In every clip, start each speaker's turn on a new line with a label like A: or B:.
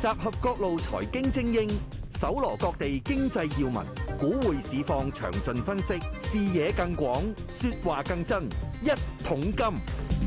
A: 集合各路財經精英，搜羅各地經濟要聞，股匯市況詳盡分析，視野更廣，説話更真，一桶金。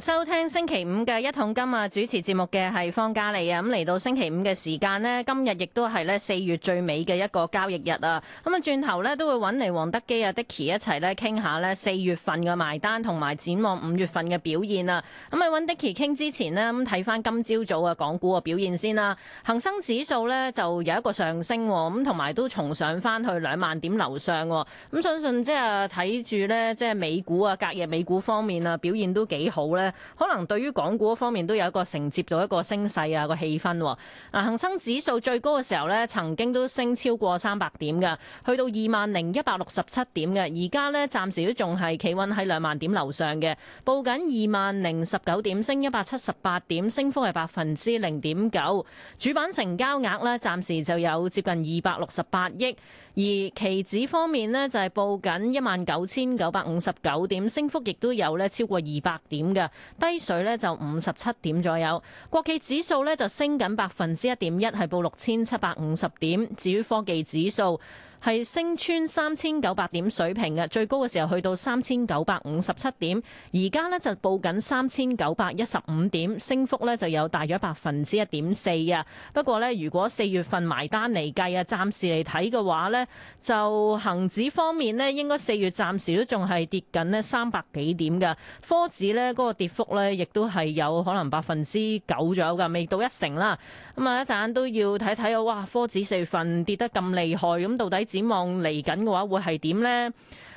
B: 收聽星期五嘅一桶金啊。主持節目嘅係方嘉莉啊。咁嚟到星期五嘅時間咧，今日亦都係咧四月最尾嘅一個交易日啊。咁啊，轉頭咧都會揾嚟黃德幾啊、Dicky 一齊咧傾下咧四月份嘅埋單同埋展望五月份嘅表現啊。咁啊，揾 Dicky 傾之前咧，咁睇翻今朝早嘅港股嘅表現先啦。恒生指數咧就有一個上升，咁同埋都重上翻去兩萬點樓上，咁相信即係睇住咧，即係美股啊、隔夜美股方面啊，表現都幾好咧。可能對於港股方面都有一個承接到一個升勢啊，個氣氛。嗱，恒生指數最高嘅時候呢，曾經都升超過三百點嘅，去到二萬零一百六十七點嘅。而家呢，暫時都仲係企穩喺兩萬點樓上嘅，報緊二萬零十九點，升一百七十八點，升幅係百分之零點九。主板成交額呢，暫時就有接近二百六十八億。而期指方面呢，就係報緊一萬九千九百五十九點，升幅亦都有咧超過二百點嘅。低水咧就五十七點左右。國企指數咧就升緊百分之一點一，係報六千七百五十點。至於科技指數，係升穿三千九百點水平嘅，最高嘅時候去到三千九百五十七點，而家呢就報緊三千九百一十五點，升幅呢就有大約百分之一點四啊。不過呢，如果四月份埋單嚟計啊，暫時嚟睇嘅話呢，就恆指方面呢，應該四月暫時都仲係跌緊呢三百幾點㗎，科指呢嗰個跌幅呢，亦都係有可能百分之九左右噶，未到一成啦。咁啊一陣都要睇睇啊，哇！科指四月份跌得咁厲害，咁到底？展望嚟緊嘅話，會係點咧？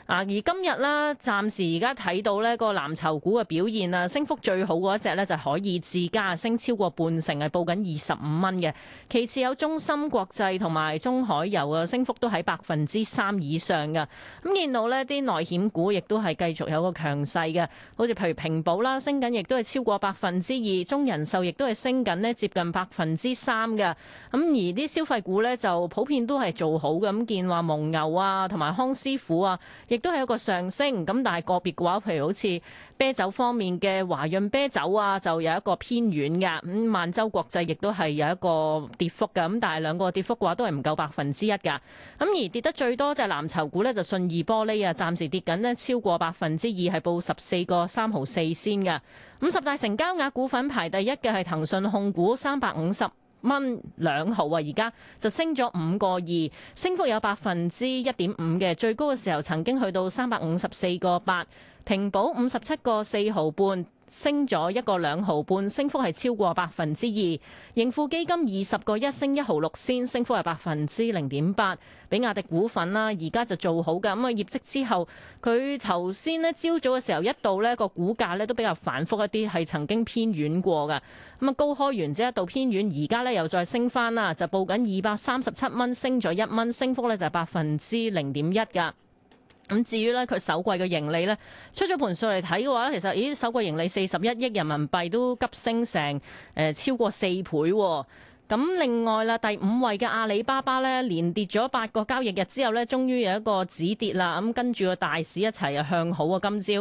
B: 啊！而今日呢，暫時而家睇到呢、這個藍籌股嘅表現啊，升幅最好嗰一隻呢，就係海爾智家，升超過半成，係報緊二十五蚊嘅。其次有中芯國際同埋中海油嘅升幅都喺百分之三以上嘅。咁見到呢啲內險股亦都係繼續有個強勢嘅，好似譬如平保啦，升緊亦都係超過百分之二，中人壽亦都係升緊呢接近百分之三嘅。咁而啲消費股呢，就普遍都係做好嘅，咁見話蒙牛啊同埋康師傅啊。亦都係一個上升咁，但係個別嘅話，譬如好似啤酒方面嘅華潤啤酒啊，就有一個偏遠嘅咁。萬洲國際亦都係有一個跌幅嘅咁，但係兩個跌幅嘅話都係唔夠百分之一㗎咁。而跌得最多就係藍籌股呢，就信義玻璃啊，暫時跌緊咧超過百分之二，係報十四個三毫四先嘅咁。五十大成交額股份排第一嘅係騰訊控股三百五十。蚊兩毫啊，而家就升咗五個二，升幅有百分之一點五嘅。最高嘅時候曾經去到三百五十四個八，平保五十七個四毫半。升咗一個兩毫半，升幅係超過百分之二。盈富基金二十個一升一毫六仙，先升幅係百分之零點八。比亞迪股份啦，而家就做好噶。咁啊業績之後，佢頭先呢朝早嘅時候一度呢個股價呢都比較反覆一啲，係曾經偏軟過嘅。咁啊高開完之後一度偏軟，而家呢又再升翻啦，就報緊二百三十七蚊，升咗一蚊，升幅呢就係百分之零點一㗎。咁至於呢，佢首季嘅盈利呢出咗盤數嚟睇嘅話，其實咦首季盈利四十一億人民幣都急升成誒、呃、超過四倍啊。咁另外啦，第五位嘅阿里巴巴呢連跌咗八個交易日之後呢，終於有一個止跌啦。咁跟住個大市一齊向好啊！今朝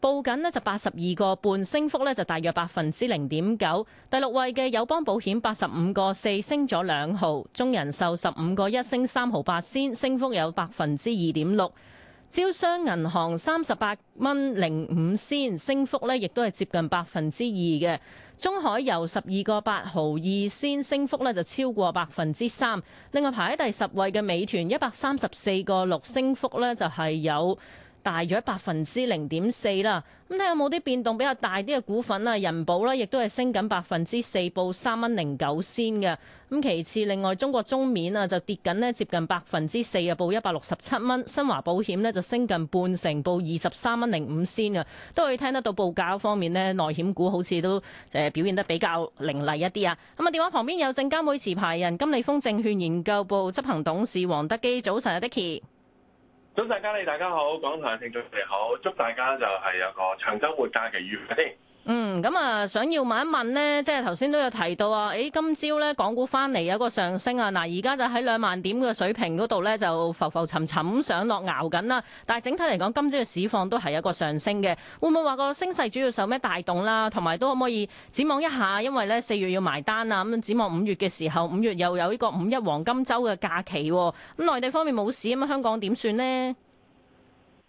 B: 報緊呢就八十二個半，升幅呢就大約百分之零點九。第六位嘅友邦保險八十五個四，升咗兩毫；中人壽十五個一，升三毫八仙，升幅有百分之二點六。招商銀行三十八蚊零五仙，升幅呢亦都係接近百分之二嘅。中海油十二個八毫二仙，升幅呢就超過百分之三。另外排喺第十位嘅美團一百三十四個六，升幅呢就係有。大約百分之零點四啦，咁睇有冇啲變動比較大啲嘅股份啊？人保咧，亦都係升緊百分之四，報三蚊零九仙嘅。咁其次，另外中國中免啊，就跌緊呢接近百分之四啊，報一百六十七蚊。新華保險呢，就升近半成，報二十三蚊零五仙啊。都可以聽得到報價方面呢，內險股好似都誒表現得比較凌厲一啲啊。咁啊，電話旁邊有證監會持牌人金利豐證券研究部執行董事黃德幾，早晨啊，Dicky。
C: 早晨，家裏大家好，廣場聽眾，你好，祝大家就係有個長周末假期愉快先。
B: 嗯，咁、嗯、啊，想要問一問呢，即係頭先都有提到啊，誒，今朝咧港股返嚟有一個上升啊，嗱，而家就喺兩萬點嘅水平嗰度咧，就浮浮沉沉上落熬緊啦。但係整體嚟講，今朝嘅市況都係有個上升嘅，會唔會話個升勢主要受咩帶動啦？同埋都可唔可以展望一下？因為咧四月要埋單啊，咁展望五月嘅時候，五月又有呢個五一黃金周嘅假期，咁內地方面冇市，咁香港點算呢？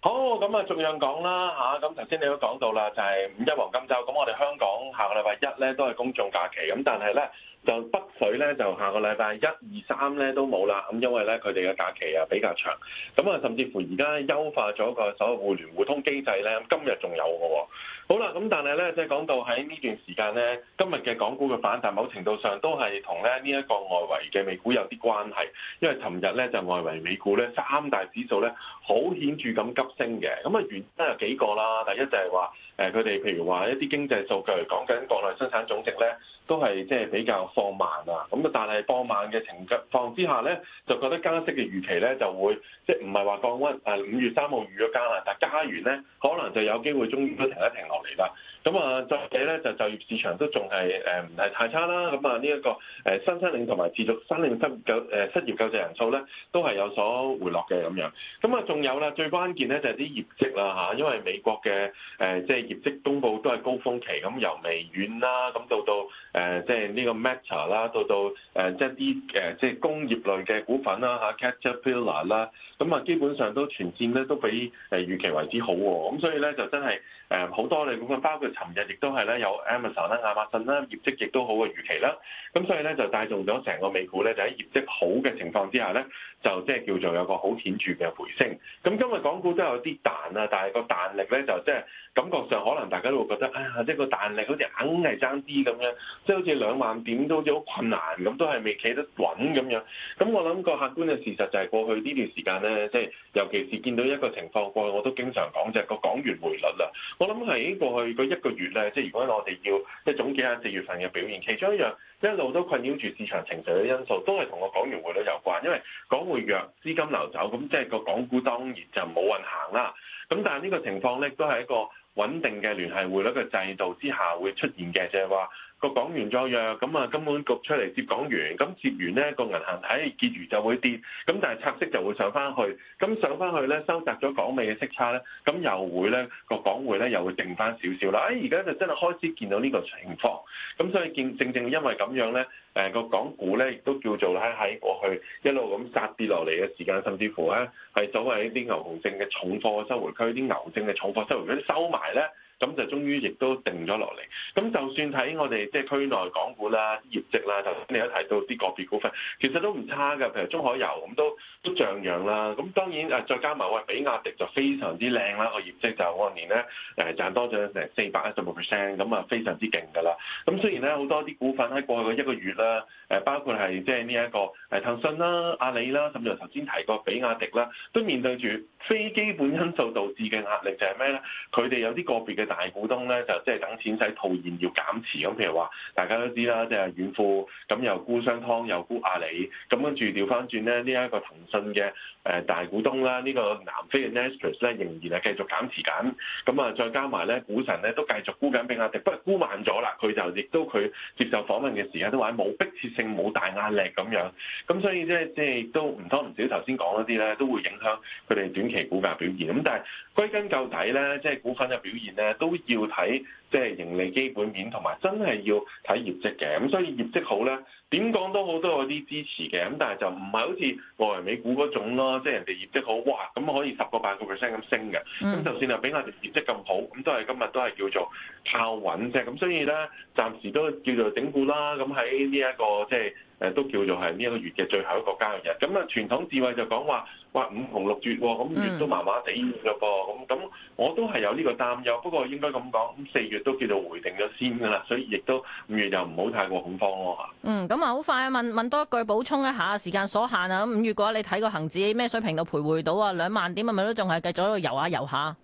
C: 好，咁、哦、啊，逐樣講啦，吓，咁頭先你都講到啦，就係、是、五一黃金周。咁我哋香港下個禮拜一咧都係公眾假期，咁但係咧。就北水咧，就下個禮拜一、二、三咧都冇啦。咁因為咧，佢哋嘅假期呀比較長。咁啊，甚至乎而家優化咗個所謂互聯互通機制咧，今日仲有嘅哦。好啦，咁但係咧，即係講到喺呢段時間咧，今日嘅港股嘅反彈，某程度上都係同咧呢一個外圍嘅美股有啲關係。因為尋日咧就外圍美股咧三大指數咧好顯著咁急升嘅。咁啊原因有幾個啦，第一就係話誒佢哋譬如話一啲經濟數據講緊國內生產總值咧，都係即係比較。放慢啊，咁啊，但係放慢嘅情況之下咧，就覺得加息嘅預期咧就會即係唔係話降溫啊？五月三號預咗加啦，但加完咧，可能就有機會終於都停一停落嚟啦。咁啊，再者咧就就業市場都仲係誒唔係太差啦。咁啊，呢一個誒新申領同埋持續新申領失誒失業救濟人數咧，都係有所回落嘅咁樣。咁啊，仲有啦，最關鍵咧就係啲業績啦嚇，因為美國嘅誒即係業績公布都係高峰期，咁由微軟啦，咁到到誒即係呢個查啦，到到誒，即係啲誒，即係工業類嘅股份啦吓 Caterpillar 啦，咁啊基本上都全線咧都比誒預期為之好喎，咁所以咧就真係。誒好多你股份，包括尋日亦都係咧有 Amazon, Amazon 啦、亞馬遜啦，業績亦都好嘅預期啦。咁所以咧就帶動咗成個美股咧，就喺業績好嘅情況之下咧，就即係叫做有個好顯著嘅回升。咁今日港股都有啲彈啊，但係個彈力咧就即係感覺上可能大家都會覺得，呀、啊，即係個彈力好似硬係爭啲咁樣，即係好似兩萬點都好似好困難咁，都係未企得穩咁樣。咁我諗個客觀嘅事實就係過去呢段時間咧，即係尤其是見到一個情況，過去我都經常講就係個港元匯率啦。我諗喺過去嗰一個月咧，即係如果我哋要即係總結下四月份嘅表現，其中一樣一路都困擾住市場情緒嘅因素，都係同個港元匯率有關。因為港匯弱，資金流走，咁即係個港股當然就冇運行啦。咁但係呢個情況咧，都係一個穩定嘅聯繫匯率嘅制度之下會出現嘅，就係話。個港元作弱，咁啊金管局出嚟接港元，咁接完呢個銀行體系結餘就會跌，咁但係拆息就會上翻去，咁上翻去咧收窄咗港美嘅息差咧，咁又會咧個港匯咧又會定翻少少啦。哎，而家就真係開始見到呢個情況，咁所以見正正因為咁樣咧，誒個港股咧亦都叫做咧喺過去一路咁殺跌落嚟嘅時間，甚至乎咧係所謂一啲牛熊證嘅重貨收回區，啲牛證嘅重貨收回區收埋咧。咁就終於亦都定咗落嚟。咁就算睇我哋即係區內港股啦、業績啦，就你都提到啲個別股份，其實都唔差㗎。譬如中海油，咁都都像樣啦。咁當然誒，再加埋話，比亞迪就非常之靚啦。個業績就按年咧誒賺多咗成四百一十個 percent，咁啊非常之勁㗎啦。咁雖然咧好多啲股份喺過去嘅一個月啦，誒包括係即係呢一個誒騰訊啦、阿里啦，甚至係頭先提過比亞迪啦，都面對住非基本因素導致嘅壓力就，就係咩咧？佢哋有啲個別嘅大股東咧就即、是、係等錢使套現要減持咁，譬如話大家都知啦，即係軟庫咁又沽商湯，又沽阿里，咁跟住調返轉咧呢一個騰訊嘅誒大股東啦，呢、這個南非嘅 Nestle 咧仍然係繼續減持緊，咁啊再加埋咧股神咧都繼續沽緊比亞迪，不過沽慢咗啦，佢就亦都佢接受訪問嘅時間都話冇迫切性，冇大壓力咁樣，咁所以即係即係都唔多唔少頭先講嗰啲咧都會影響佢哋短期股價表現咁，但係歸根究底咧，即係股份嘅表現咧。都要睇即係盈利基本面，同埋真係要睇業績嘅咁，所以業績好咧，點講都好都有啲支持嘅咁，但係就唔係好似外圍美股嗰種咯，即係人哋業績好，哇咁可以十個八個 percent 咁升嘅，咁就算啊，比我哋業績咁好，咁都係今日都係叫做靠穩啫，咁所以咧暫時都叫做整固啦，咁喺呢一個即係。就是誒都叫做係呢一個月嘅最後一個交易日，咁啊傳統智慧就講話哇五紅六絕，咁亦都麻麻地㗎噃，咁咁我都係有呢個擔憂，不過應該咁講，咁四月都叫做回定咗先㗎啦，所以亦都五月又唔好太過恐慌咯嚇。嗯，
B: 咁啊好快問問多一句補充一下，時間所限啊，咁五月嘅你睇個恆指咩水平度徘徊到啊兩萬點係咪都仲係計咗喺度遊下遊下？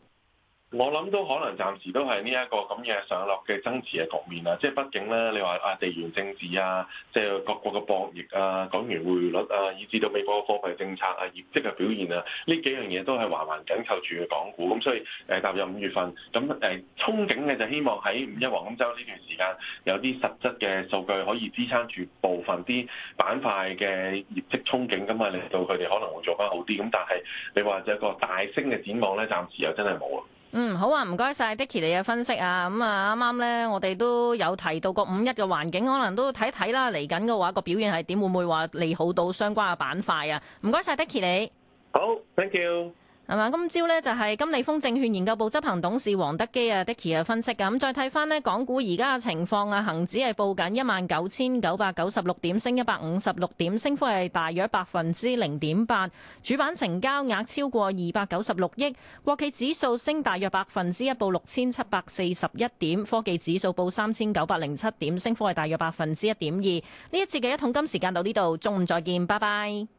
C: 我諗都可能暫時都係呢一個咁嘅上落嘅爭持嘅局面啊！即係畢竟咧，你話啊地緣政治啊，即係各國嘅博弈啊，港元匯率啊，以至到美國嘅貨幣政策啊，業績嘅表現啊，呢幾樣嘢都係環環緊扣住嘅港股咁，所以誒踏入五月份咁誒、呃，憧憬嘅就希望喺五一黃金週呢段時間有啲實質嘅數據可以支撐住部分啲板塊嘅業績憧憬咁啊，令、嗯、到佢哋可能會做返好啲咁。但係你話一個大升嘅展望咧，暫時又真係冇啊！
B: 嗯，好啊，唔該晒，Dicky 你嘅分析啊，咁、嗯、啊，啱啱咧，我哋都有提到個五一嘅環境，可能都睇睇啦，嚟緊嘅話個表現係點，會唔會話利好到相關嘅板塊啊？唔該晒，Dicky 你。好，Thank you。係嘛？今朝呢，就係金利豐證券研究部執行董事黃德幾啊，Dicky 啊分析。咁再睇翻呢港股而家嘅情況啊，恆指係報緊一萬九千九百九十六點，升一百五十六點，升幅係大約百分之零點八。主板成交額超過二百九十六億。國企指數升大約百分之一，報六千七百四十一點。科技指數報三千九百零七點，升幅係大約百分之一點二。呢一次嘅一桶金時間到呢度，中午再見，拜拜。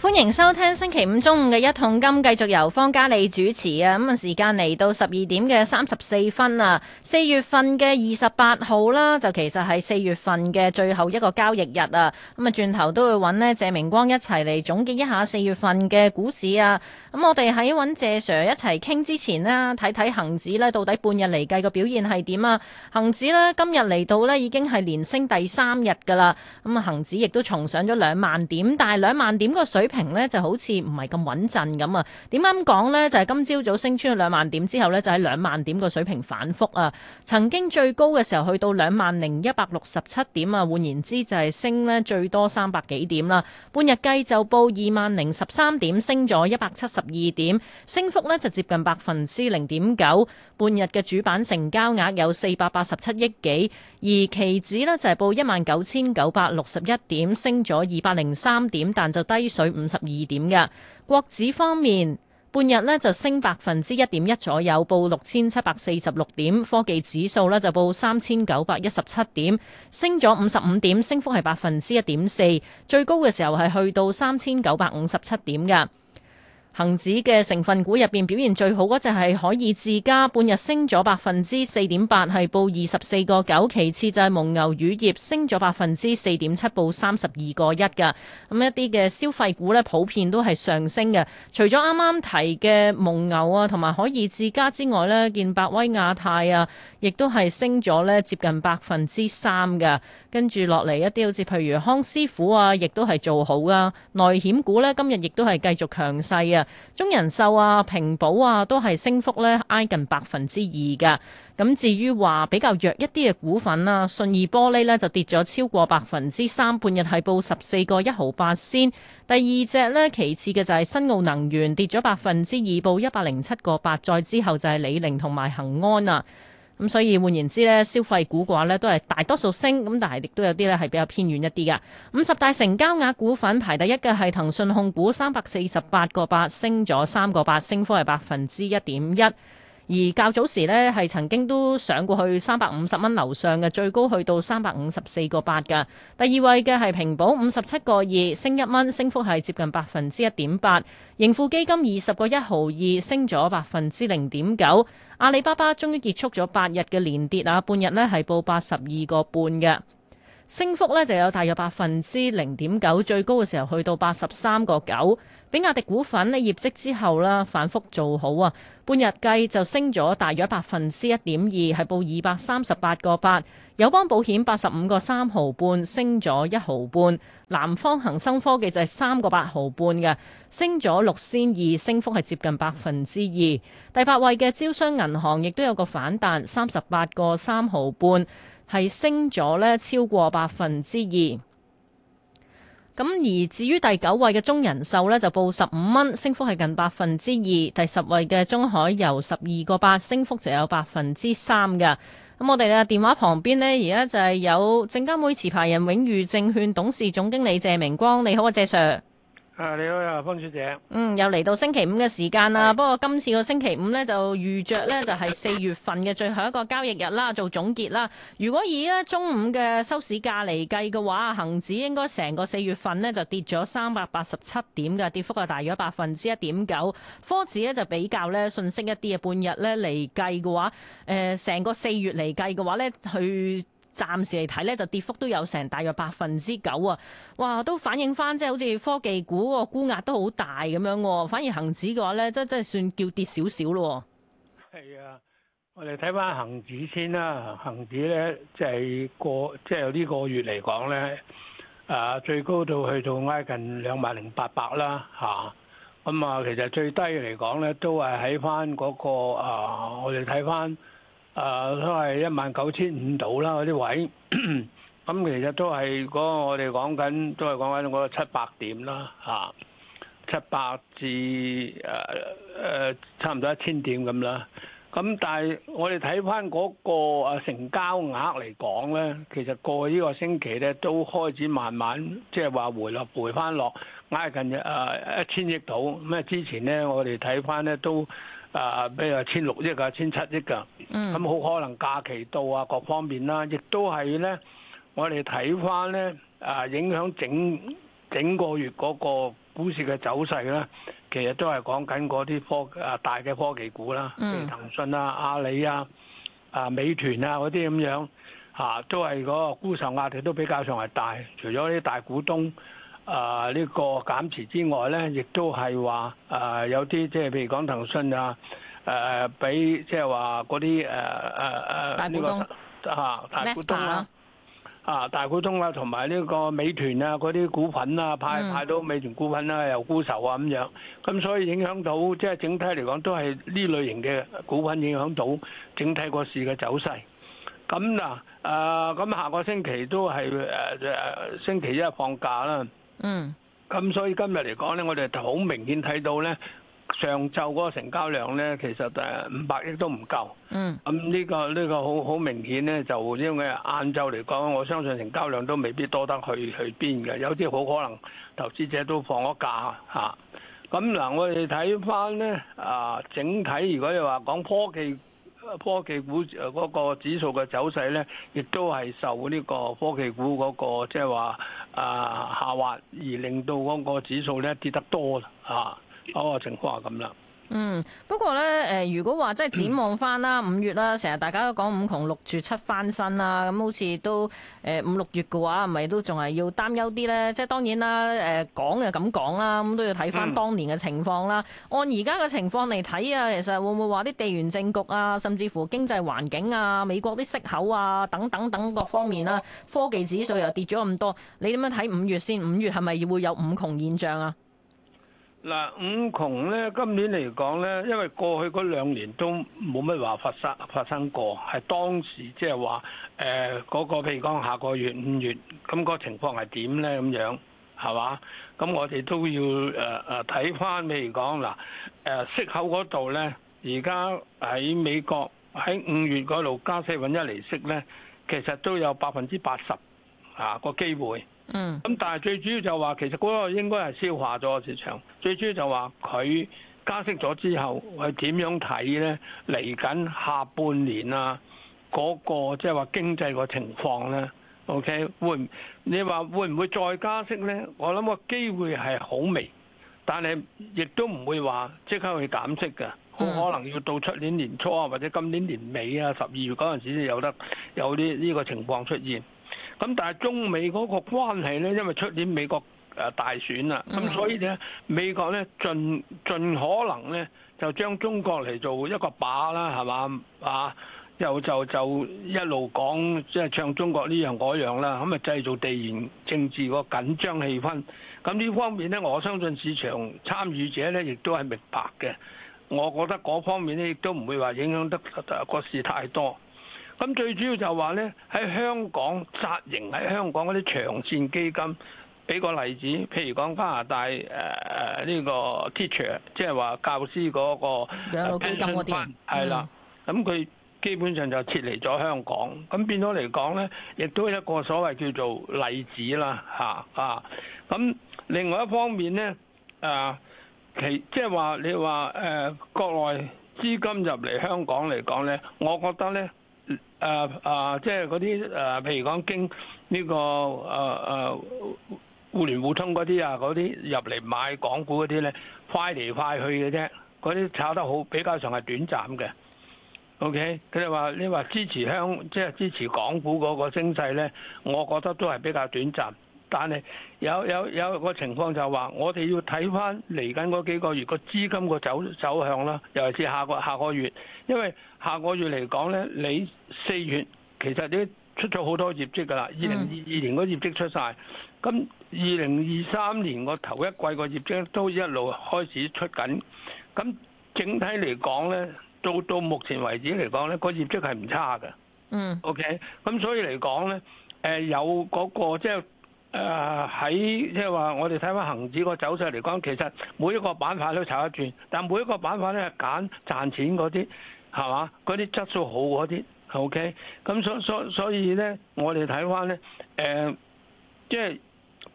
B: 歡迎收聽星期五中午嘅一桶金，繼續由方家莉主持啊！咁啊，時間嚟到十二點嘅三十四分啊，四月份嘅二十八號啦，就其實係四月份嘅最後一個交易日啊。咁啊，轉頭都會揾呢謝明光一齊嚟總結一下四月份嘅股市啊。咁我哋喺揾謝 Sir 一齊傾之前咧，睇睇恒指呢到底半日嚟計個表現係點啊？恒指呢，今日嚟到呢已經係連升第三日噶啦。咁啊，恒指亦都重上咗兩萬點，但係兩萬點個水。水平呢就好似唔係咁穩陣咁啊！點解咁講？呢就係、是、今朝早升穿咗兩萬點之後呢，就喺兩萬點個水平反覆啊！曾經最高嘅時候去到兩萬零一百六十七點啊，換言之就係升呢最多三百幾點啦。半日計就報二萬零十三點，升咗一百七十二點，升幅呢就接近百分之零點九。半日嘅主板成交額有四百八十七億幾。而期指呢，就係報一萬九千九百六十一點，升咗二百零三點，但就低水五十二點㗎。國指方面，半日呢就升百分之一點一左右，報六千七百四十六點。科技指數呢，就報三千九百一十七點，升咗五十五點，升幅係百分之一點四，最高嘅時候係去到三千九百五十七點㗎。恒指嘅成分股入邊表現最好嗰隻係海爾智家，半日升咗百分之四點八，係報二十四個九。其次就係蒙牛乳業，升咗百分之四點七，報三十二個一噶。咁一啲嘅消費股呢，普遍都係上升嘅。除咗啱啱提嘅蒙牛啊，同埋海爾智家之外呢，見百威亞太啊，亦都係升咗呢接近百分之三嘅。跟住落嚟一啲好似譬如康師傅啊，亦都係做好噶。內險股呢，今日亦都係繼續強勢啊！中人壽啊、平保啊，都係升幅咧挨近百分之二嘅。咁至於話比較弱一啲嘅股份啊，信義玻璃咧就跌咗超過百分之三，半日係報十四個一毫八仙。第二隻呢，其次嘅就係新奧能源，跌咗百分之二，報一百零七個八。再之後就係李寧同埋恒安啊。咁所以換言之咧，消費股嘅話咧，都係大多數升，咁但係亦都有啲咧係比較偏遠一啲嘅。五十大成交額股份排第一嘅係騰訊控股，三百四十八個八，升咗三個八，升幅係百分之一點一。而較早時呢，係曾經都上過去三百五十蚊樓上嘅，最高去到三百五十四個八㗎。第二位嘅係平保五十七個二，升一蚊，升幅係接近百分之一點八。盈富基金二十個一毫二，升咗百分之零點九。阿里巴巴終於結束咗八日嘅連跌啊，半日呢係報八十二個半嘅，升幅呢就有大約百分之零點九，最高嘅時候去到八十三個九。比亞迪股份呢，業績之後呢，反覆做好啊，半日計就升咗大約百分之一點二，係報二百三十八個八。友邦保險八十五個三毫半，升咗一毫半。南方恒生科技就係三個八毫半嘅，升咗六仙二，升幅係接近百分之二。第八位嘅招商銀行亦都有個反彈，三十八個三毫半，係升咗呢，超過百分之二。咁而至於第九位嘅中人壽呢，就報十五蚊，升幅係近百分之二；第十位嘅中海油十二個八，升幅就有百分之三㗎。咁我哋呢，電話旁邊呢，而家就係有證監會持牌人永裕證券董事總經理謝明光，你好啊，謝 Sir。
D: 誒，你好啊，方小
B: 姐。嗯，又嚟到星期五嘅時間啦。是不過今次個星期五呢，就遇着呢，就係、是、四月份嘅最後一個交易日啦，做總結啦。如果以呢中午嘅收市價嚟計嘅話，恒指應該成個四月份呢就跌咗三百八十七點嘅，跌幅係大約百分之一點九。科指呢就比較呢遜色一啲啊，半日呢嚟計嘅話，誒、呃，成個四月嚟計嘅話呢，去。暫時嚟睇咧，就跌幅都有成大約百分之九啊！哇，都反映翻即係好似科技股個沽壓都好大咁樣喎。反而恒指嘅話咧，都都算叫跌少少咯。
D: 係啊，我哋睇翻恒指先啦、啊。恒指咧即係個即係呢個月嚟講咧，啊最高到去到挨近兩萬零八百啦吓，咁啊，啊，其實最低嚟講咧，都係喺翻嗰個啊，我哋睇翻。誒、啊、都係一萬九千五度啦，嗰啲位，咁其實都係嗰、嗰個我哋講緊，都係講緊嗰個七百點啦，嚇、啊，七百至誒誒、啊啊、差唔多一千點咁啦。咁、啊、但係我哋睇翻嗰個成交額嚟講咧，其實過呢個星期咧都開始慢慢即係話回落回翻落，挨近啊一千億到，咁啊之前咧我哋睇翻咧都啊、呃，比如千六億啊，千七億嘅，咁好、嗯嗯嗯、可能假期到啊，各方面啦，亦都係咧，我哋睇翻咧啊，影響整整個月嗰個股市嘅走勢咧，其實都係講緊嗰啲科啊大嘅科技股啦，譬如騰訊啊、阿里啊、啊美團啊嗰啲咁樣，嚇、啊、都係嗰個沽售壓力都比較上係大，除咗啲大股東。啊！呢、呢個減持之外咧，亦都係話啊，有啲即係譬如講騰訊啊，誒俾即係話嗰啲誒誒誒呢個啊，啊，啊大股東啦，啊，
E: Next
D: 啊大股東啊，同埋呢個美團啊嗰啲股份啊，派派到美團股份啊又沽售啊咁樣，咁所以影響到即係、即係、整體嚟講都係呢類型嘅股份影響到整體個市嘅走勢。咁嗱，啊咁下個星期都係誒誒星期一放假啦。嗯，咁所以今日嚟講咧，我哋好明顯睇到咧，上晝嗰個成交量咧，其實誒五百億都唔夠。嗯。咁呢、呢個呢、呢個好好明顯咧，就因為晏晝嚟講，我相信成交量都未必多得去去邊嘅，有啲好可能投資者都放咗假吓。咁、啊、嗱，我哋睇翻咧啊，整體如果你話講科技科技股嗰個指數嘅走勢咧，亦都係受呢個科技股嗰、嗰個即係話。就是啊，下滑而令到嗰個指數咧跌得多啦，吓，嗰個情況係咁啦。
B: 嗯，不過咧，誒、呃，如果話即係展望翻啦，五 月啦、啊，成日大家都講五窮六絕七翻身啦、啊，咁、嗯、好似都誒、呃、五六月嘅話，係咪都仲係要擔憂啲咧？即係當然啦，誒、呃、講就咁講啦，咁都要睇翻當年嘅情況啦。按而家嘅情況嚟睇啊，其實會唔會話啲地緣政局啊，甚至乎經濟環境啊，美國啲息口啊，等等等，等各方面啦、啊，科技指數又跌咗咁多，你點樣睇五月先？五月係咪會有五窮現象啊？
D: 嗱五、嗯、窮咧，今年嚟講咧，因為過去嗰兩年都冇乜話發生發生過，係當時即係話誒嗰個譬如講下個月五月，咁、個情況係點咧，咁樣係嘛？咁我哋都要誒誒睇翻譬如講嗱誒息口嗰度咧，而家喺美國喺五月嗰度加四分一利息咧，其實都有百分之八十啊個機會。嗯，咁但係最主要就話，其實嗰個應該係消化咗個市場。最主要就話佢加息咗之後係點樣睇咧？嚟緊下半年啊，嗰、那個即係話經濟個情況咧，OK？會你話會唔會再加息咧？我諗個機會係好微，但係亦都唔會話即刻去減息嘅，好可能要到出年年初啊，或者今年年尾啊，十二月嗰陣時有得有啲呢、呢個情況出現。咁但係中美嗰個關係呢，因為出年美國誒大選啦，咁所以呢，美國呢盡盡可能呢就將中國嚟做一個靶啦，係嘛啊？又就就一路講即係唱中國呢樣嗰樣啦，咁啊製造地緣政治個緊張氣氛。咁呢方面呢，我相信市場參與者呢亦都係明白嘅。我覺得嗰方面呢，亦都唔會話影響得個市太多。咁最主要就係話咧，喺香港紮營喺香港嗰啲長線基金，俾個例子，譬如講加拿大誒誒呢個 teacher，即係話教師嗰個基金嗰啲，係啦的。咁佢、嗯、基本上就撤離咗香港，咁變咗嚟講咧，亦都係一個所謂叫做例子啦嚇啊。咁、啊啊、另外一方面咧，誒、啊、其即係話你話誒、呃、國內資金入嚟香港嚟講咧，我覺得咧。誒誒、呃呃，即係嗰啲誒，譬、呃、如講經呢、呢個誒誒、呃呃、互聯互通嗰啲啊，嗰啲入嚟買港股嗰啲咧，快嚟快去嘅啫。嗰啲炒得好比較上係短暫嘅。OK，佢哋話你話支持香，即係支持港股嗰個升勢咧，我覺得都係比較短暫。但係有有有個情況就話，我哋要睇翻嚟緊嗰幾個月個資金個走走向啦，尤其是下個下個月，因為下個月嚟講咧，你四月其實已經出咗好多業績噶啦，二零二二年個業績出晒，咁二零二三年個頭一季個業績都一路開始出緊，咁整體嚟講咧，到到目前為止嚟講咧，個業績係唔差㗎。嗯。O K. 咁所以嚟講咧，誒有嗰、那個即係。就是誒喺即係話，呃就是、我哋睇翻恒指個走勢嚟講，其實每一個板塊都炒得轉，但每一個板塊咧，係揀賺錢嗰啲，係嘛？嗰啲質素好嗰啲，OK。咁所所所以咧，我哋睇翻咧，誒、呃，即、就、係、是、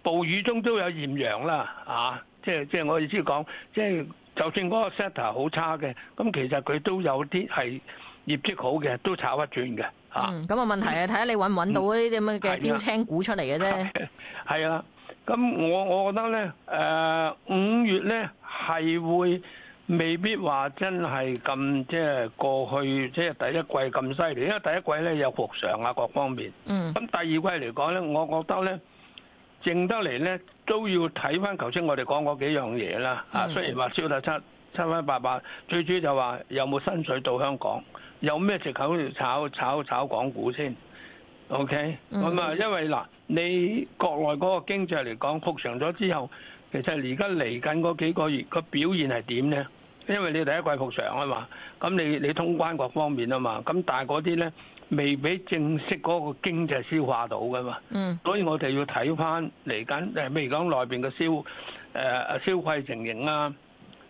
D: 暴雨中都有豔陽啦，啊！即係即係我意思講，即、就、係、是、就算嗰個 sector 好差嘅，咁其實佢都有啲係業績好嘅，都炒得轉嘅。
B: 嗯，咁啊、嗯、問題啊，睇下、嗯、你揾唔揾到嗰啲咁嘅標青股出嚟嘅啫。
D: 係啊，咁我我覺得咧，誒、呃、五月咧係會未必話真係咁即係過去即係第一季咁犀利，因為第一季咧有復常啊各方面。嗯。咁第二季嚟講咧，我覺得咧，剩得嚟咧都要睇翻頭先我哋講嗰幾樣嘢啦。啊、嗯，雖然話消退七七分八,八八，最主要就話有冇新水到香港。有咩藉口嚟炒炒炒港股先？OK，咁啊、mm，hmm. 因為嗱，你國內嗰個經濟嚟講復常咗之後，其實而家嚟緊嗰幾個月個表現係點咧？因為你第一季復常啊嘛，咁你你通關各方面啊嘛，咁但係嗰啲咧未俾正式嗰個經濟消化到噶嘛。嗯、mm，hmm. 所以我哋要睇翻嚟緊誒，譬如講內邊嘅消誒、呃、消費情形啊，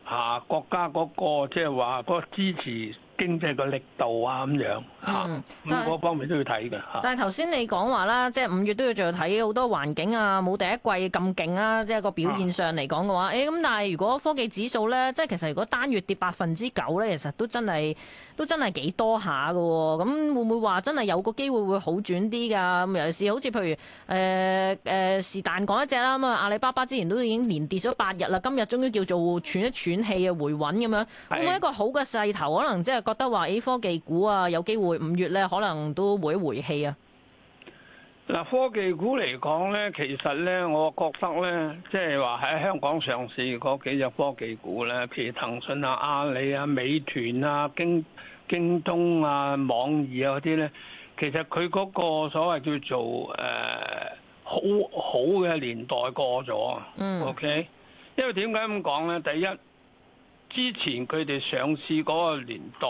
D: 啊國家嗰、嗰個即係話嗰個支持。經濟個力度啊咁樣嚇，各、嗯、方面都要睇㗎。但係頭先
B: 你講話啦，即係五月都要仲要睇好多環境啊，冇第一季咁勁啊，即、就、係、是、個表現上嚟講嘅話，誒咁、嗯哎、但係如果科技指數咧，即係其實如果單月跌百分之九咧，其實都真係都真係幾多下㗎喎。咁會唔會話真係有個機會會好轉啲㗎、啊？尤其是好似譬如誒誒是但講一隻啦，咁啊阿里巴巴之前都已經連跌咗八日啦，今日終於叫做喘一喘氣啊，回穩咁樣，嗯、會唔會一個好嘅勢頭可能即係？覺得話誒科技股啊有機會五月咧可能都會回氣啊！
D: 嗱，科技股嚟講咧，其實咧，我覺得咧，即係話喺香港上市嗰幾隻科技股咧，譬如騰訊啊、阿里啊、美團啊、京京東啊、網易啊嗰啲咧，其實佢嗰個所謂叫做誒好好嘅年代過咗啊！嗯，OK，因為點解咁講咧？第一之前佢哋上市嗰個年代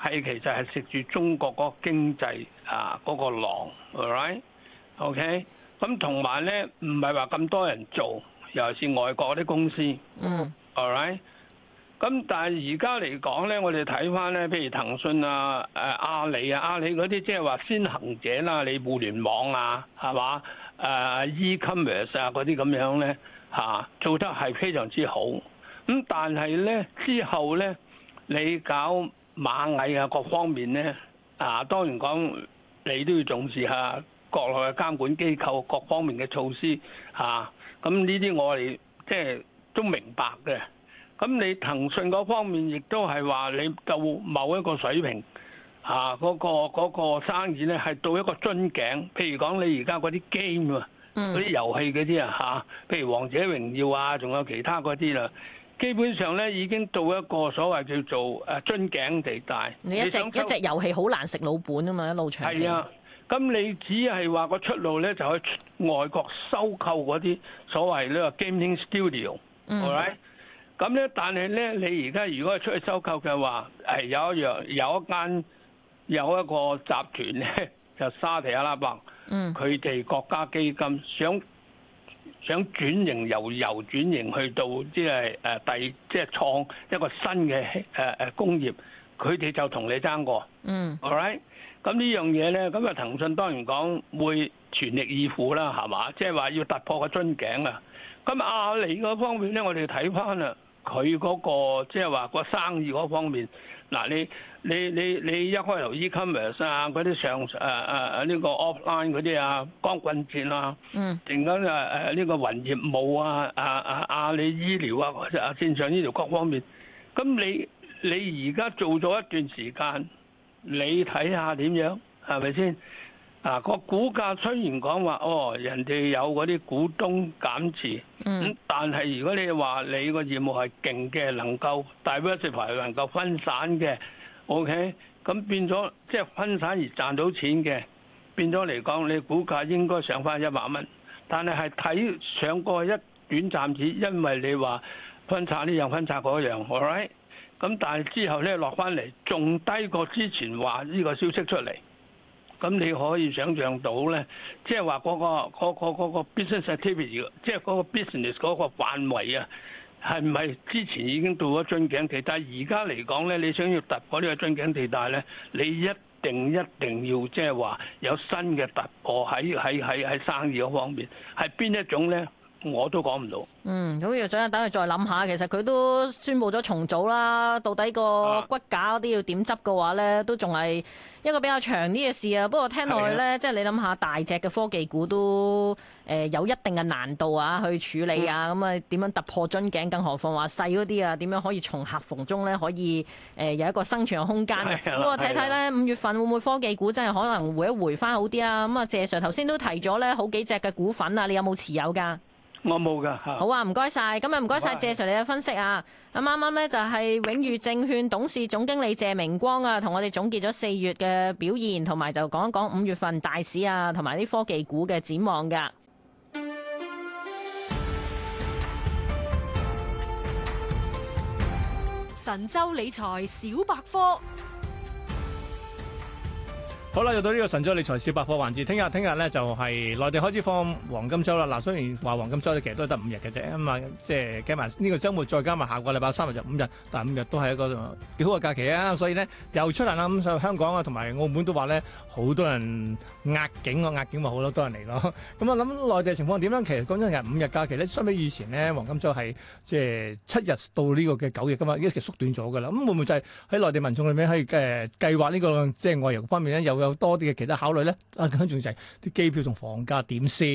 D: 係其實係食住中國嗰個經濟啊嗰、嗰個狼，all right？OK？咁同埋咧唔係話咁多人做，尤其是外國啲公司，嗯，all right？咁但係而家嚟講咧，我哋睇翻咧，譬如騰訊啊、誒阿里啊、阿里嗰啲即係話先行者啦，你互聯網啊，係嘛？誒、uh, e-commerce 啊嗰啲咁樣咧吓、啊、做得係非常之好。咁但係咧之後咧，你搞螞蟻啊各方面咧，啊當然講你都要重視下國內嘅監管機構各方面嘅措施啊。咁呢啲我哋即係都明白嘅。咁你騰訊嗰方面亦都係話你到某一個水平啊，嗰、嗰個、嗰個生意咧，係到一個樽頸。譬如講你而家嗰啲 game 啊，嗰啲遊戲嗰啲啊吓，譬如王者榮耀啊，仲有其他嗰啲啦。基本上咧已經到一個所謂叫做誒樽頸地帶，一直一直
B: 遊戲好難食老本啊嘛，一路長線。係啊，
D: 咁你只係話個出路咧就去外國收購嗰啲所謂呢個 gaming studio，OK？咁咧，但係咧，你而家如果係出去收購嘅話，係有一樣有一間有一個集團咧，就沙特阿拉伯，佢哋國家基金想。想轉型由由轉型去到即係誒第即係創一個新嘅誒誒工業，佢哋就同你爭過。嗯，all right。咁呢樣嘢咧，咁啊騰訊當然講會全力以赴啦，係嘛？即係話要突破個樽頸啊！咁阿里嗰方面咧，我哋睇翻啦，佢嗰個即係話個生意嗰方面，嗱你。你你你一開頭 e-commerce 啊，嗰啲上誒誒誒呢個 offline 嗰啲啊，光棍節啊，嗯，突然間誒呢個雲業務啊，啊啊阿里、啊、醫療啊，線上醫療各方面，咁你你而家做咗一段時間，你睇下點樣，係咪先？啊個股價雖然講話，哦人哋有嗰啲股東減持，嗯，但係如果你話你個業務係勁嘅，能夠 diversify，能夠分散嘅。O K，咁變咗即係分散而賺到錢嘅，變咗嚟講，你股價應該上翻一百蚊，但係係睇上過一短暫時，因為你話分拆呢樣分拆嗰樣，O K，咁但係之後咧落翻嚟仲低過之前話呢個消息出嚟，咁你可以想象到咧，即係話嗰個嗰、嗰個嗰個嗰個嗰個、business activity，即係嗰個 business 嗰個範圍啊。係唔係之前已經到咗樽頸期？但係而家嚟講咧，你想要突破呢個樽頸地帶咧，你一定一定要即係話有新嘅突破喺喺喺喺生意嗰方面，係邊一種咧？我都
B: 講唔到。嗯，咁要總等佢再諗下。其實佢都宣布咗重組啦。到底個骨架嗰啲要點執嘅話咧，都仲係一個比較長啲嘅事啊。不過聽落去咧，的即係你諗下大隻嘅科技股都誒有一定嘅難度啊，去處理啊。咁啊的，點、嗯、樣突破樽頸？更何況話細嗰啲啊，點樣可以從夾縫中咧可以誒有一個生存嘅空間。咁啊的，睇睇咧五月份會唔會科技股真係可能會回翻好啲啊？咁啊，謝 Sir 頭先都提咗咧好幾隻嘅股份啊，你有冇持有㗎？
D: 我冇噶，好啊，
B: 唔該晒，咁啊唔該晒，謝 Sir 你嘅分析啊。咁啱啱呢就係永裕證券董事總經理謝明光啊，同我哋總結咗四月嘅表現，同埋就講一講五月份大市啊，同埋啲科技股嘅展望噶。神州理財小百科。
F: 好啦，又到呢個神州理財小百科環節，聽日聽日咧就係、是、內地開始放黃金周啦。嗱、啊，雖然話黃金周其實都係得五日嘅啫，咁啊即係計埋呢個周末，再加埋下個禮拜三日就五日，但五日都係一個幾好嘅假期啊。所以咧又出嚟啦，咁香港啊同埋澳門都話咧，好多人壓境喎、啊，壓境咪好多多人嚟咯。咁 我諗內地情況點咧？其實講真係五日假期咧，相比以前咧黃金周係即係七日到呢個嘅九日噶嘛，已經其實縮短咗㗎啦。咁會唔會就係喺內地民眾裏面可以誒計劃呢個即係外遊方面咧有？有多啲嘅其他考慮咧？啊，更重要就係啲機票同房價點先？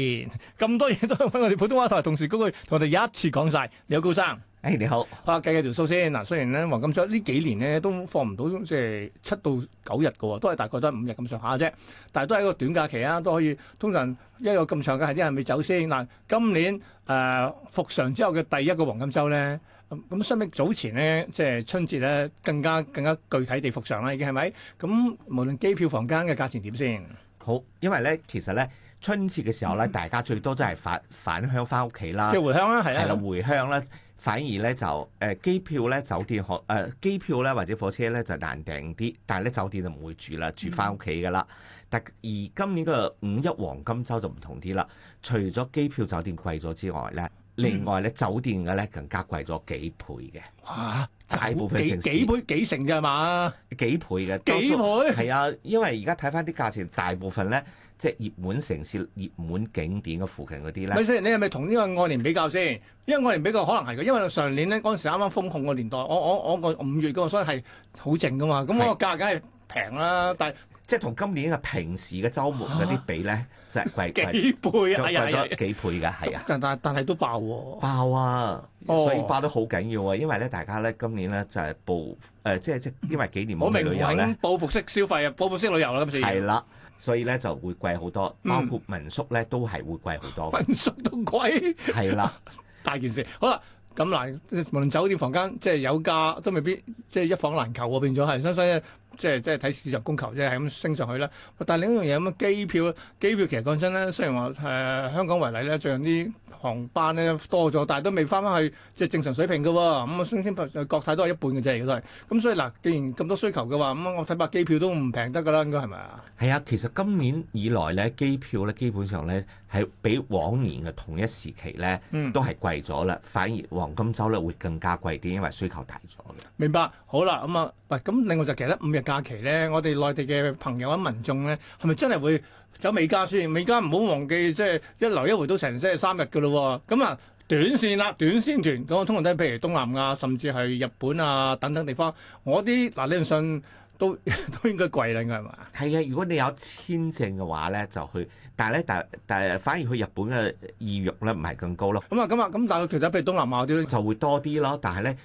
F: 咁多嘢都揾我哋普通話台同事講，佢同我哋一次講晒。你好，高生，誒你好，啊計計條數先嗱。雖然咧黃金週呢幾年咧都放唔到，即係七到九日嘅喎，都係大概都係五日咁上下嘅啫。但係都係一個短假期啊，都可以通常因為咁長假期啲人未走先嗱。今年誒復常之後嘅第一個黃金週咧。咁相比早前咧，即係春節咧，更加更加具體地復常啦，已經係咪？咁無論機票、房間嘅價錢
A: 點先。好，因為咧，其實咧，春節嘅時候咧，嗯、大家最多都係返返鄉翻屋企啦，即係回鄉啦，係的、嗯、啦，回鄉咧，反而咧就誒、呃、機票咧、酒店學誒、呃、機票咧或者火車咧就難訂啲，但係咧酒店就唔會住啦，住翻屋企噶啦。但、嗯、而今年嘅五一黃金周就唔同啲啦，除咗機票、酒店貴咗之外咧。另外咧，嗯、酒店嘅咧更加貴咗幾倍嘅。哇！大部分城幾倍幾成啫？係嘛？幾倍嘅？幾倍？係啊，因為而家睇翻啲價錢，大部分咧即係熱門城市、熱門景點嘅附近嗰啲咧。唔使，你係咪
F: 同呢個愛蓮比較先？因為愛蓮比較可能係嘅，因為上年咧嗰陣時啱啱封控個年代，我我我個五月嗰個，所以係好靜噶嘛。咁的個價格梗係平啦，但係。即係同今年嘅
A: 平時嘅週末嗰啲比咧，就係、啊、貴幾倍啊！貴咗幾倍嘅，係啊、哎呀的！
F: 但但但係都爆喎，
A: 爆啊！爆啊哦、所以爆得好緊要啊！因為咧，大家咧今年咧就係報誒，即係即因為幾年冇旅遊咧，嗯、明明報復式消費啊，報復式旅遊啦、啊，咁自然係啦。所以咧就會貴好多，包括民宿咧都係會貴好多。嗯、民宿都貴，係啦的， 大件事。好啦，咁嗱，無論酒店房間即係有價都
F: 未必，即係一房難求喎，變咗係，所以。即係即係睇市場供求即係咁升上去啦。但係另一樣嘢咁啊，機票咧，機票其實講真咧，雖然話誒、呃、香港為例咧，最近啲航班咧多咗，但係都未翻返去即係正常水平嘅喎。咁、嗯、啊，升升白國泰都係一半嘅啫，而家都係。咁所以嗱，既然咁多需求嘅話，咁我睇白機票都唔平得㗎啦，應該係咪啊？
A: 係啊，其實今年以來咧，機票咧基本上咧係比往年嘅同一時期咧，都係貴咗啦。嗯、反而黃金周咧會更加貴啲，因為需求大咗嘅。
F: 明白。好啦，咁啊，咁，另外就其實五日。假期咧，我哋內地嘅朋友啊、民眾咧，係咪真係會走美加先？美加唔好忘記，即係一來一回都成即係三日嘅咯。咁啊，短線啦，短線團咁我通常都譬如東南亞甚至係日本啊
A: 等等地方，我啲嗱，你信都都應該貴啦，應該係嘛？係啊，如果你有簽證嘅話咧，就去。但係咧，但但係反而去日本嘅意欲咧，唔係咁高咯。咁啊，咁啊，咁但係其他譬如東南亞啲就會多啲咯。但係咧。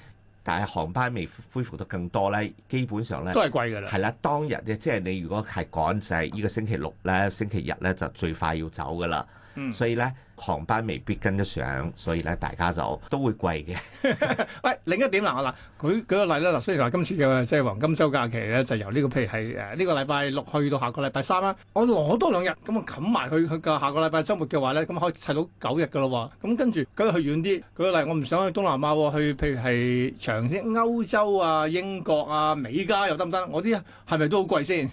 A: 但係航班未恢復到更多呢，基本上呢都係貴㗎啦。係啦，當日即係你如果係趕仔，就係依個星期六呢，星期日呢就最快要走㗎啦。所以咧航班未必跟得上，所以咧大家就都會貴嘅。喂 另一點啦，嗱舉舉個
F: 例啦，嗱，雖然話今次嘅即係黃金週假期咧，就是、由呢、呢個譬如係誒呢個禮拜六去到下個禮拜三啦，我攞多兩日咁啊冚埋佢佢個下個禮拜周末嘅話咧，咁可以砌到九日嘅咯喎。咁、嗯、跟住，咁去遠啲，舉個例，我唔想去東南亞喎、哦，去譬如係長啲歐洲啊、英國啊、美加又得唔得？我啲係咪都好貴先？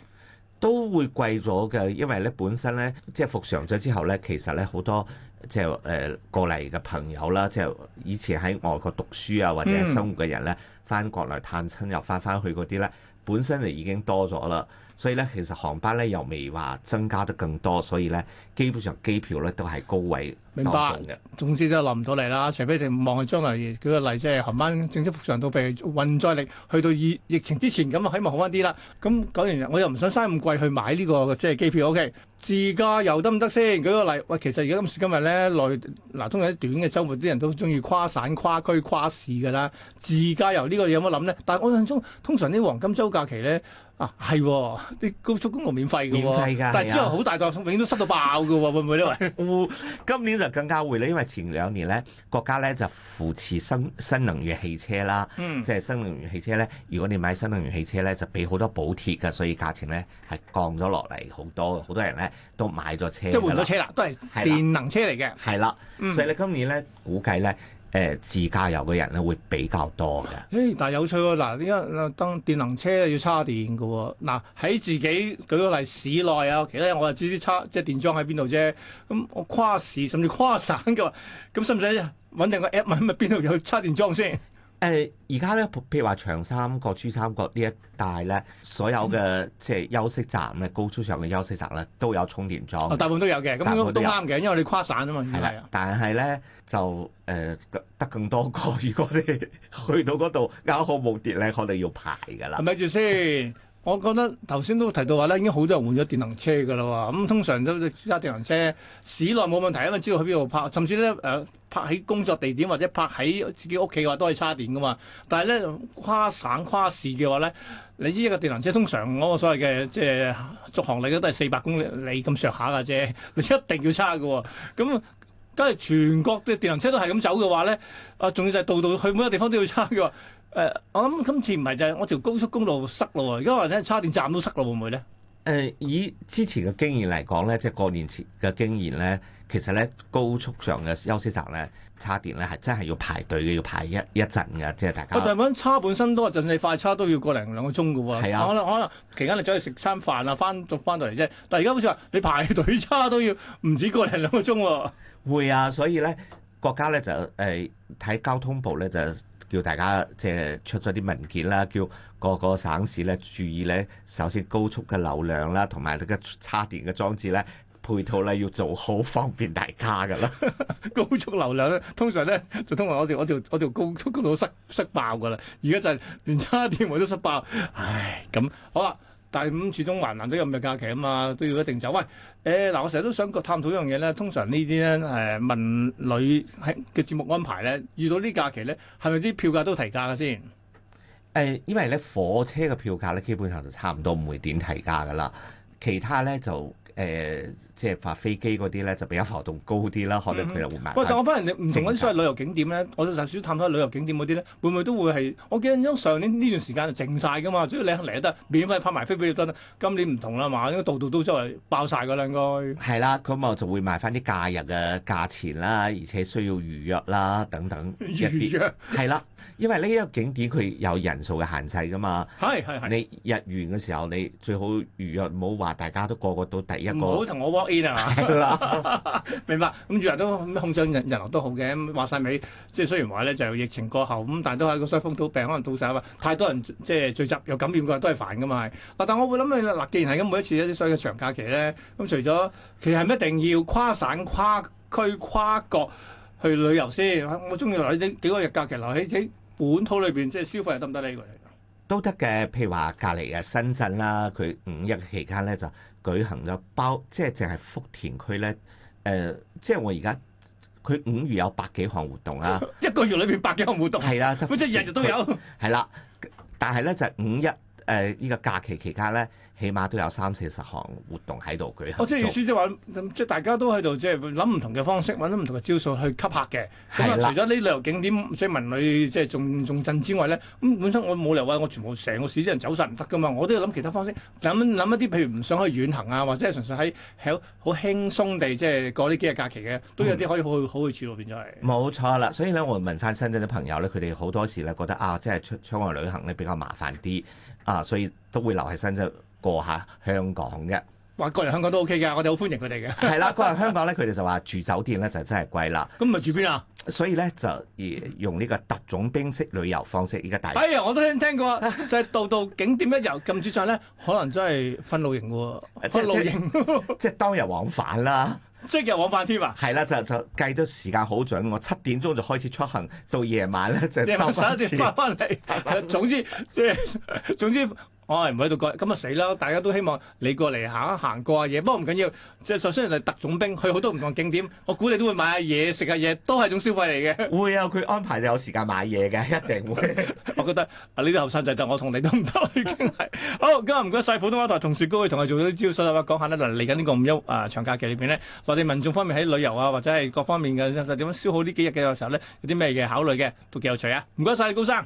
A: 都會貴咗嘅，因為咧本身咧即係復常咗之後咧，其實咧好多即係誒過嚟嘅朋友啦，即係以前喺外國讀書啊或者生活嘅人咧，返國內探親又返返去嗰啲咧，本身就已經多咗啦，所以咧其實航班咧又未話增加得更多，所以咧基本上機票咧都係高位。明白，
F: 總之就諗唔到嚟啦。除非你望係將來舉個例，即係航班正式復常到被運載力去到疫疫情之前咁，希望好翻啲啦。咁講完，我又唔想嘥咁貴去買呢個即係機票。O、OK, K，自駕遊得唔得先？舉個例，喂，其實而家今時今日咧，內嗱通常短嘅周末，啲人都中意跨省、跨區、跨市噶啦。自駕遊個你有有呢個有冇諗咧？但係我印象中，通常啲黃金週假期咧。啊，係，啲高速公路免費嘅，費但係之後好
A: 大檔，永遠都塞到爆嘅喎， 會唔會咧？今年就更加會啦，因為前兩年咧，國家咧就扶持新新能源汽車啦，即係、嗯、新能源汽車咧，如果你買新能源汽車咧，就俾好多補貼嘅，所以價錢咧係降咗落嚟好多，好多人咧都買咗車了，即係換咗車啦，的都係電能車嚟嘅，係啦，所以你今年咧估計咧。誒自駕遊嘅人咧會比較多嘅。誒、欸，但係有趣喎、
F: 哦，嗱，依家當電能車要插電嘅、哦，嗱喺自己舉個例市內啊，其實我就知啲叉即係電樁喺邊度啫。咁、嗯、我跨市甚至跨省嘅話，咁使唔使揾定個 app 問下邊度有插電樁先？
A: 誒而家咧，譬如話長三角、珠三角呢一帶咧，所有嘅即係休息站咧，嗯、高速上嘅休息站咧，都有充電樁、哦。大部分
F: 都有嘅，咁都啱
A: 嘅，因為你跨省啊嘛。係係吧。吧但係咧就誒、呃、得更多個，如果你去到嗰度，啱好冇電咧，可能要排㗎啦。係
F: 咪住先？ 我覺得頭先都提到話咧，已經好多人換咗電能車噶啦喎。咁、嗯、通常都揸電能車，市內冇問題，因為知道去邊度拍，甚至咧誒、呃、拍喺工作地點或者拍喺自己屋企嘅話，都可以叉電噶嘛。但係咧跨省跨市嘅話咧，你知一個電能車通常嗰個所謂嘅即係續航力都係四百公里咁上下嘅啫，你一定要叉嘅喎。咁梗係全國嘅電能車都係咁走嘅話咧，啊，仲要就係到度去每個地方都要叉嘅喎。誒，我諗今次唔係就係我條高速公路塞咯，因為咧，叉電站都塞咯，會唔會
A: 咧？誒，以之前嘅經驗嚟講咧，即係過年前嘅經驗咧，其實咧高速上嘅休息站咧，叉電咧係真係要排隊嘅，要排一一陣嘅，即係大家。但係
F: 講叉本身都就算你快叉都要個零兩個鐘嘅喎，係啊，可能可能期間你走去食餐飯啊，翻到翻到嚟啫。
A: 但係而家好似話你排隊叉都要唔止個零兩個鐘喎。會啊，所以咧國家咧就誒睇、呃、交通部咧就。叫大家即係出咗啲文件啦，叫個個省市咧注意咧，首先高速嘅流量啦，同埋呢個叉電嘅裝置咧，配套咧要做好，方便大家噶啦。
F: 高速流量咧，通常咧就通常我條我條我條高速公路塞爆噶啦，而家就連叉電位都塞爆， 唉，咁好啊。第五咁，始終還難得有咁嘅假期啊嘛，都要一定走。喂，誒、呃、嗱，我成日都想探討一樣嘢咧。通常呢啲咧誒問旅喺嘅節目安排咧，遇到呢啲假期咧，係咪啲票價都提價噶先？
A: 誒、呃，因為咧火車嘅票價咧基本上就差唔多，唔會點提價噶啦。其他咧就誒。呃即係拍飛機嗰啲咧，就比較浮動高啲啦，可能佢又會賣。喂、嗯，但我反
F: 而你唔同嗰啲，所謂旅遊景點咧，我就特少探討下旅遊景點嗰啲咧，會唔會都會係？我記得上年呢段時間就靜晒噶嘛，只要
A: 你肯嚟得，免
F: 費拍埋飛俾你得。今年唔同啦，嘛應該度度都周
A: 圍爆晒噶啦，約應該。係啦，咁啊就會賣翻啲假日嘅價錢啦，而且需要預約啦等等。預約係啦，因為呢一個景點佢有人數嘅限制噶嘛。係係係。你日園嘅時候，你最好預約，冇話大家都個，個個都第一個。同我 A 的 明白咁，任何人都控制人人流
F: 都好嘅。話晒尾，即係雖然話咧，就疫情過後咁，但係都係個西風土病可能到晒。啊！太多人即係聚集又感染過，都係煩噶嘛係。但我會諗起嗱，既然係咁，每一次咧啲所謂長假期咧，咁、嗯、除咗其實係咪一定要跨省、跨區、跨國去旅遊先，我中意留喺啲幾個日假期，留喺本土裏邊，即係消費又得唔得咧？呢個
A: 都得嘅，譬如話隔籬啊，深圳啦，佢五一期間咧就。舉行嘅包即係淨係福田區咧，誒、呃，即係我而家佢五月有百幾項活動啊！一個月裏邊百幾項活動，係啦， 啊、即係日日都有，係啦、啊。但係咧，就五一誒呢個假期期間咧。起碼都有三四十項活動喺度、啊，舉行即係意思
F: 即係話，即係大家都喺度，即係諗唔同嘅方式，揾唔同嘅招數去吸客嘅。咁、嗯、啊，的除咗呢旅遊景點即係文旅，即係重重鎮之外咧，咁本身我冇理由啊，我全部成個市啲人走晒唔得噶嘛，我都要諗其他方式，諗諗一啲譬如唔想去遠行啊，或者純粹喺好輕鬆地即係過呢幾日假期嘅，都有啲可以去、嗯、好去處咯，變咗
A: 係。冇錯啦，所以咧，我問返深圳啲朋友咧，佢哋好多時咧覺得啊，即係出出外旅行咧比較麻煩啲啊，所以都會留喺深圳。過下香港嘅，話
F: 過嚟香港都 O K 嘅，我哋好歡迎佢哋嘅。
A: 係 啦，過嚟香港咧，佢哋就話住酒店咧就真係貴啦。咁咪住邊啊？所以咧就用呢個特種兵式旅遊方式。依家大約哎
F: 呀，我都聽聽過， 就到到景點一遊，咁住上咧可能真係瞓露營噶喎，瞓露營，
A: 即 係、就是、當日往返啦， 即係日往返添啊？係 啦，就就計得時間好準，我七點鐘就開始出行，到夜晚咧就收翻，十一點翻翻
F: 嚟。總之，即係總之。我係唔喺度過，咁啊死啦！大家都希望你過嚟行一行過下嘢，不過唔緊要。即係首先人哋特種兵，去好多唔同嘅景點，我估你都會買下嘢食下嘢，都係種消費嚟嘅。會啊，佢安排你有時間買嘢嘅，一定會。我覺得啊，呢啲後生仔就係得我同你都唔多，已經係好。今日唔該曬，普通話台同事高，同我做咗啲資料，所以話講下咧。嗱，嚟緊呢個五一啊長假期裏邊咧，內地民眾方面喺旅遊啊，或者係各方面嘅點樣消耗呢幾日嘅時候咧，有啲咩嘅考慮嘅，都幾有趣啊！唔該曬，高生。